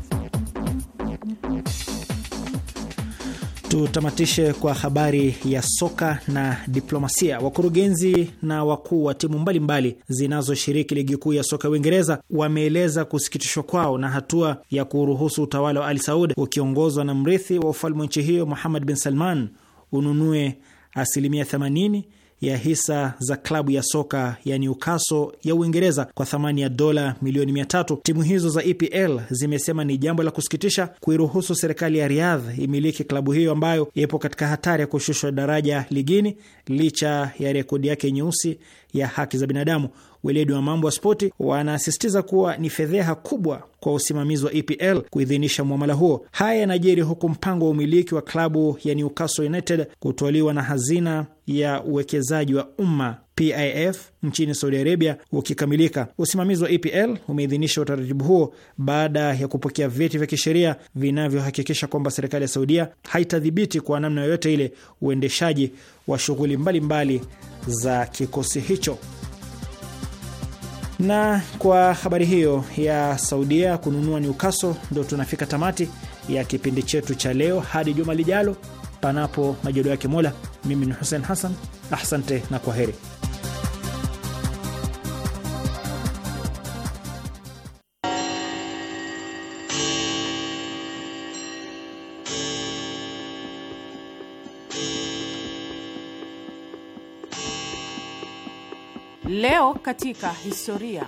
Tutamatishe kwa habari ya soka na diplomasia. Wakurugenzi na wakuu wa timu mbalimbali zinazoshiriki ligi kuu ya soka ya Uingereza wameeleza kusikitishwa kwao na hatua ya kuruhusu utawala wa Al Saud ukiongozwa na mrithi wa ufalme wa nchi hiyo Muhammad bin Salman ununue asilimia ya hisa za klabu ya soka ya Newcastle ya Uingereza kwa thamani ya dola milioni mia tatu. Timu hizo za EPL zimesema ni jambo la kusikitisha kuiruhusu serikali ya Riyadh imiliki klabu hiyo ambayo ipo katika hatari ya kushushwa daraja ligini licha ya rekodi yake nyeusi ya haki za binadamu weledi wa mambo ya spoti wanasisitiza kuwa ni fedheha kubwa kwa usimamizi wa EPL kuidhinisha mwamala huo. Haya yanajiri huku mpango wa umiliki wa klabu ya Newcastle United kutwaliwa na hazina ya uwekezaji wa umma PIF nchini Saudi Arabia ukikamilika. Usimamizi wa EPL umeidhinisha utaratibu huo baada ya kupokea vyeti vya kisheria vinavyohakikisha kwamba serikali ya Saudia haitadhibiti kwa namna yoyote ile uendeshaji wa shughuli mbalimbali za kikosi hicho. Na kwa habari hiyo ya Saudia kununua Newcastle, ndo tunafika tamati ya kipindi chetu cha leo. Hadi juma lijalo, panapo majaliwa yake Mola, mimi ni Hussein Hassan, asante na kwa heri. Leo katika historia.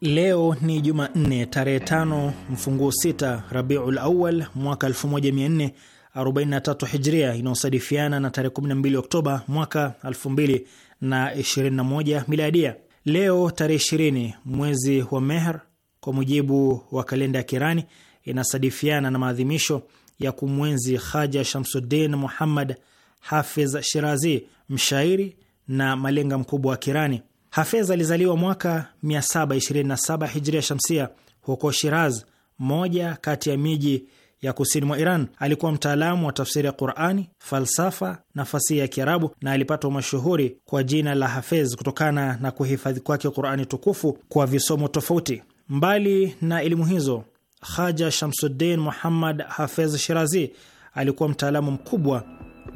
Leo ni Jumanne tarehe tano mfunguo sita Rabiul Awal mwaka 1443 Hijria, inayosadifiana na tarehe 12 Oktoba mwaka 2021 Miladia. Leo tarehe ishirini mwezi wa Mehr kwa mujibu wa kalenda ya Kirani inasadifiana na maadhimisho ya kumwenzi Haja Shamsuddin Muhammad Hafez Shirazi, mshairi na malenga mkubwa wa Kirani. Hafez alizaliwa mwaka 727 Hijria Shamsia huko Shiraz, moja kati ya miji ya kusini mwa Iran. Alikuwa mtaalamu wa tafsiri ya Qurani, falsafa na fasihi ya Kiarabu, na alipata mashuhuri kwa jina la Hafez kutokana na kuhifadhi kwake Qurani tukufu kwa visomo tofauti. Mbali na elimu hizo Haja Shamsuddin Muhammad Hafez Shirazi alikuwa mtaalamu mkubwa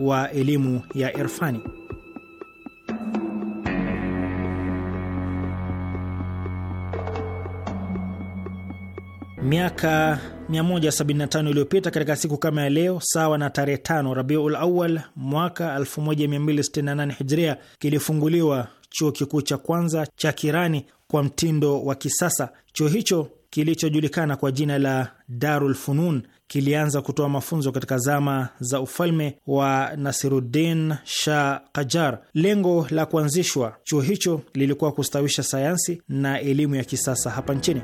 wa elimu ya irfani. Miaka 175 iliyopita katika siku kama ya leo, sawa na tarehe 5 Rabiul Awal mwaka 1268 Hijria, kilifunguliwa chuo kikuu cha kwanza cha Kirani kwa mtindo wa kisasa. Chuo hicho kilichojulikana kwa jina la Darul Funun kilianza kutoa mafunzo katika zama za ufalme wa Nasiruddin Shah Qajar. Lengo la kuanzishwa chuo hicho lilikuwa kustawisha sayansi na elimu ya kisasa hapa nchini.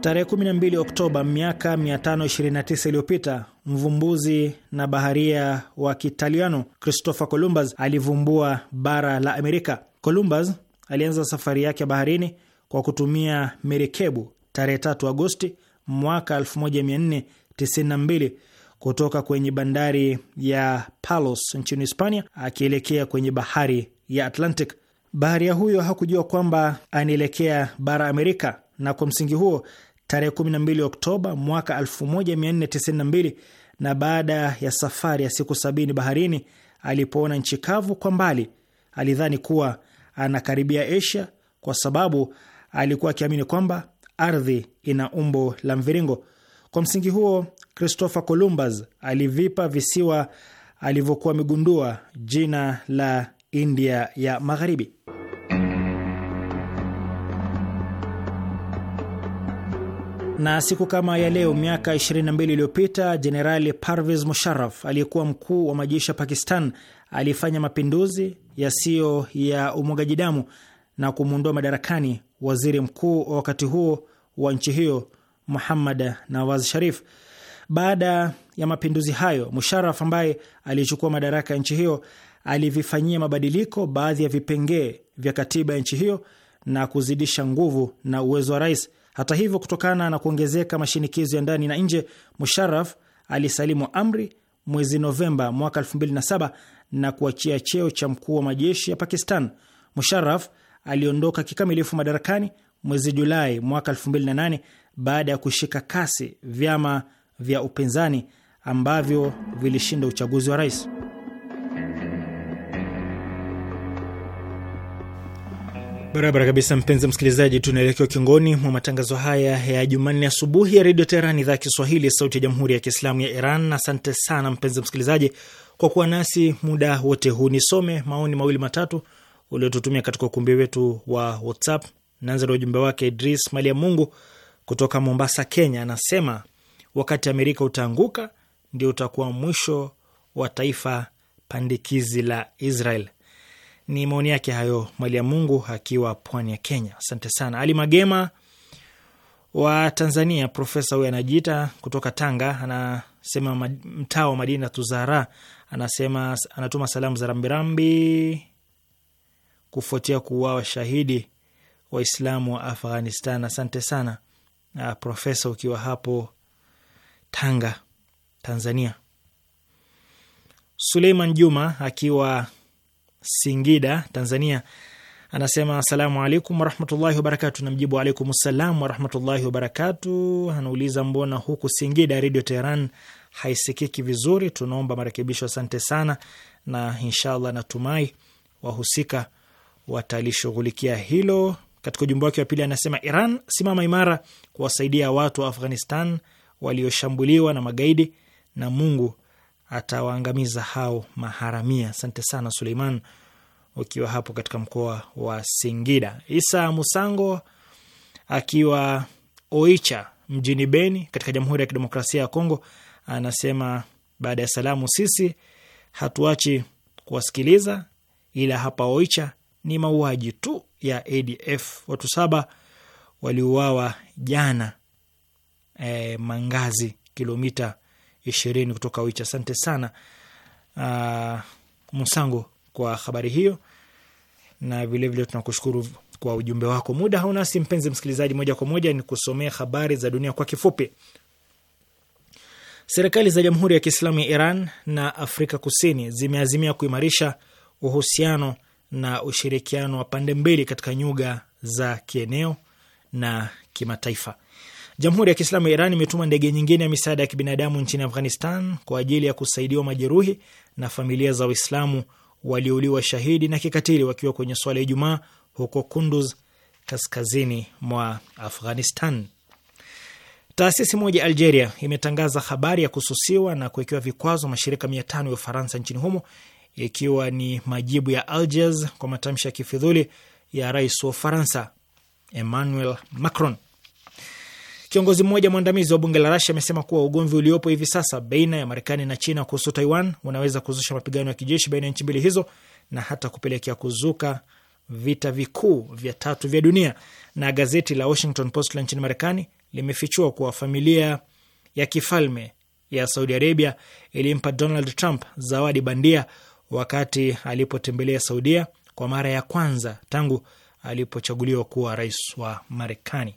Tarehe 12 Oktoba miaka 529 iliyopita mvumbuzi na baharia wa Kitaliano Christopher Columbus alivumbua bara la Amerika. Columbus alianza safari yake baharini kwa kutumia merikebu tarehe 3 Agosti mwaka 1492 kutoka kwenye bandari ya Palos nchini Hispania akielekea kwenye bahari ya Atlantic. Baharia huyo hakujua kwamba anaelekea bara Amerika, na kwa msingi huo tarehe 12 Oktoba mwaka 1492 na baada ya safari ya siku sabini baharini, alipoona nchi kavu kwa mbali, alidhani kuwa anakaribia Asia kwa sababu alikuwa akiamini kwamba ardhi ina umbo la mviringo. Kwa msingi huo, Christopher Columbus alivipa visiwa alivyokuwa amegundua jina la India ya Magharibi. Na siku kama ya leo miaka 22 iliyopita Jenerali Parvez Musharraf aliyekuwa mkuu wa majeshi ya Pakistan alifanya mapinduzi yasiyo ya umwagaji damu na kumwondoa madarakani waziri mkuu wa wakati huo wa nchi hiyo Muhammad Nawaz Sharif. Baada ya mapinduzi hayo, Musharaf ambaye alichukua madaraka ya nchi hiyo alivifanyia mabadiliko baadhi ya vipengee vya katiba ya nchi hiyo na kuzidisha nguvu na uwezo wa rais. Hata hivyo, kutokana na kuongezeka mashinikizo ya ndani na nje, Musharaf alisalimu amri mwezi Novemba mwaka 2007 na kuachia cheo cha mkuu wa majeshi ya Pakistan. Musharraf aliondoka kikamilifu madarakani mwezi Julai mwaka 2008 baada ya kushika kasi vyama vya upinzani ambavyo vilishinda uchaguzi wa rais. Barabara kabisa, mpenzi msikilizaji, tunaelekea ukingoni mwa matangazo haya ya Jumanne asubuhi ya redio Teheran, idhaa ya Kiswahili, sauti ya jamhuri ya kiislamu ya Iran. Asante sana mpenzi msikilizaji kwa kuwa nasi muda wote huu. Nisome maoni mawili matatu uliotutumia katika ukumbi wetu wa WhatsApp. Naanza na ujumbe wake Idris Mali ya Mungu kutoka Mombasa, Kenya. Anasema wakati Amerika utaanguka ndio utakuwa mwisho wa taifa pandikizi la Israel. Ni maoni yake hayo, Mali ya Mungu akiwa pwani ya Kenya. Asante sana. Ali Magema wa Tanzania, profesa huyo anajiita kutoka Tanga, anasema mtaa wa Madina Tuzara anasema anatuma salamu za rambirambi kufuatia kuuawa shahidi Waislamu wa Afghanistan. Asante sana uh, Profesa, ukiwa hapo Tanga, Tanzania. Suleiman Juma akiwa Singida, Tanzania, anasema asalamu alaikum warahmatullahi wabarakatu. Namjibu alaikum salam warahmatullahi wabarakatu. Anauliza, mbona huku Singida Redio Teheran haisikiki vizuri, tunaomba marekebisho. Asante sana, na inshallah natumai wahusika watalishughulikia hilo. Katika ujumbe wake wa pili anasema, Iran simama imara kuwasaidia watu wa Afghanistan walioshambuliwa na magaidi, na Mungu atawaangamiza hao maharamia. Asante sana Suleiman, ukiwa hapo katika mkoa wa Singida. Isa Musango akiwa Oicha mjini Beni katika Jamhuri ya Kidemokrasia ya Kongo anasema baada ya salamu, sisi hatuachi kuwasikiliza, ila hapa Oicha ni mauaji tu ya ADF. Watu saba waliuawa jana e, Mangazi, kilomita ishirini kutoka Oicha. Asante sana aa, Musangu kwa habari hiyo, na vilevile tunakushukuru kwa ujumbe wako. Muda haunasi mpenzi msikilizaji, moja kwa moja ni kusomea habari za dunia kwa kifupi. Serikali za Jamhuri ya Kiislamu ya Iran na Afrika Kusini zimeazimia kuimarisha uhusiano na ushirikiano wa pande mbili katika nyuga za kieneo na kimataifa. Jamhuri ya Kiislamu ya Iran imetuma ndege nyingine ya misaada ya kibinadamu nchini Afghanistan kwa ajili ya kusaidiwa majeruhi na familia za Waislamu waliouliwa shahidi na kikatili wakiwa kwenye swala ya Ijumaa huko Kunduz, kaskazini mwa Afghanistan. Taasisi moja Algeria imetangaza habari ya kususiwa na kuwekewa vikwazo mashirika mia tano ya Ufaransa nchini humo ikiwa ni majibu ya Algiers kwa matamshi ya kifidhuli ya rais wa Ufaransa Emmanuel Macron. Kiongozi mmoja mwandamizi wa bunge la Rasia amesema kuwa ugomvi uliopo hivi sasa baina ya Marekani na China kuhusu Taiwan unaweza kuzusha mapigano ya kijeshi baina ya nchi mbili hizo na hata kupelekea kuzuka vita vikuu vya tatu vya dunia. Na gazeti la Washington Post la nchini Marekani limefichua kuwa familia ya kifalme ya Saudi Arabia ilimpa Donald Trump zawadi bandia wakati alipotembelea Saudia kwa mara ya kwanza tangu alipochaguliwa kuwa rais wa Marekani.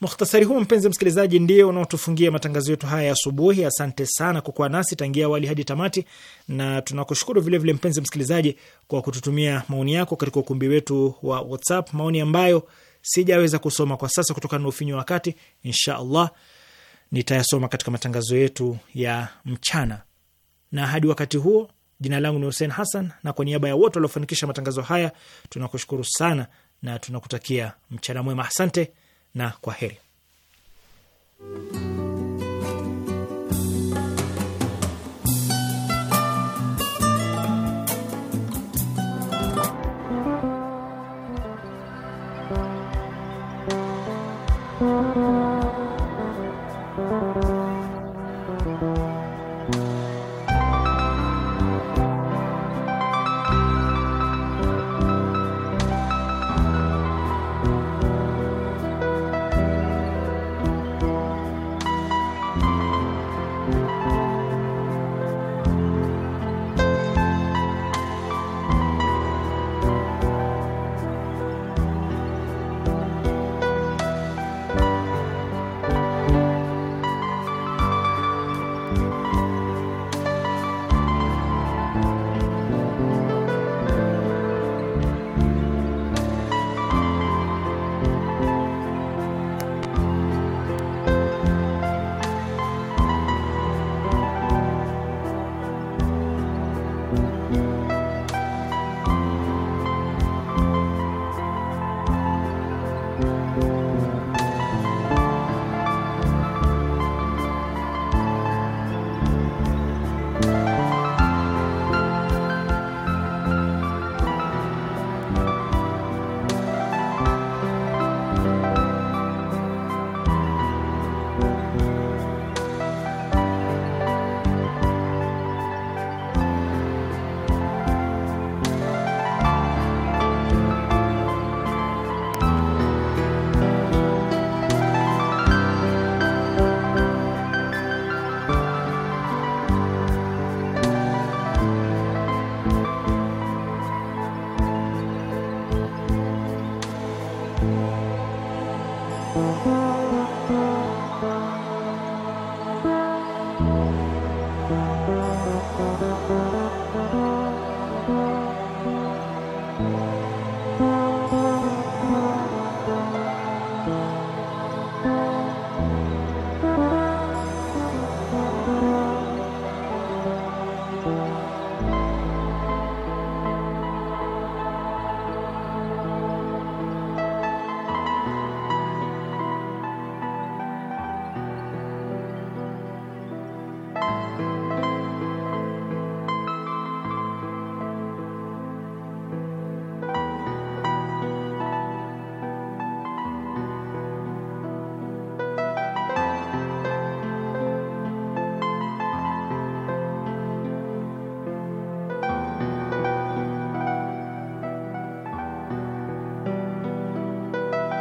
Mukhtasari huu mpenzi msikilizaji, ndio unaotufungia matangazo yetu haya asubuhi. Asante sana kwa kuwa nasi tangia awali hadi tamati, na tunakushukuru vilevile mpenzi msikilizaji kwa kututumia maoni yako katika ukumbi wetu wa WhatsApp, maoni ambayo Sijaweza kusoma kwa sasa kutokana na ufinyu wa wakati. Insha allah nitayasoma katika matangazo yetu ya mchana, na hadi wakati huo, jina langu ni Hussein Hassan, na kwa niaba ya wote waliofanikisha matangazo haya tunakushukuru sana na tunakutakia mchana mwema. Asante na kwa heri.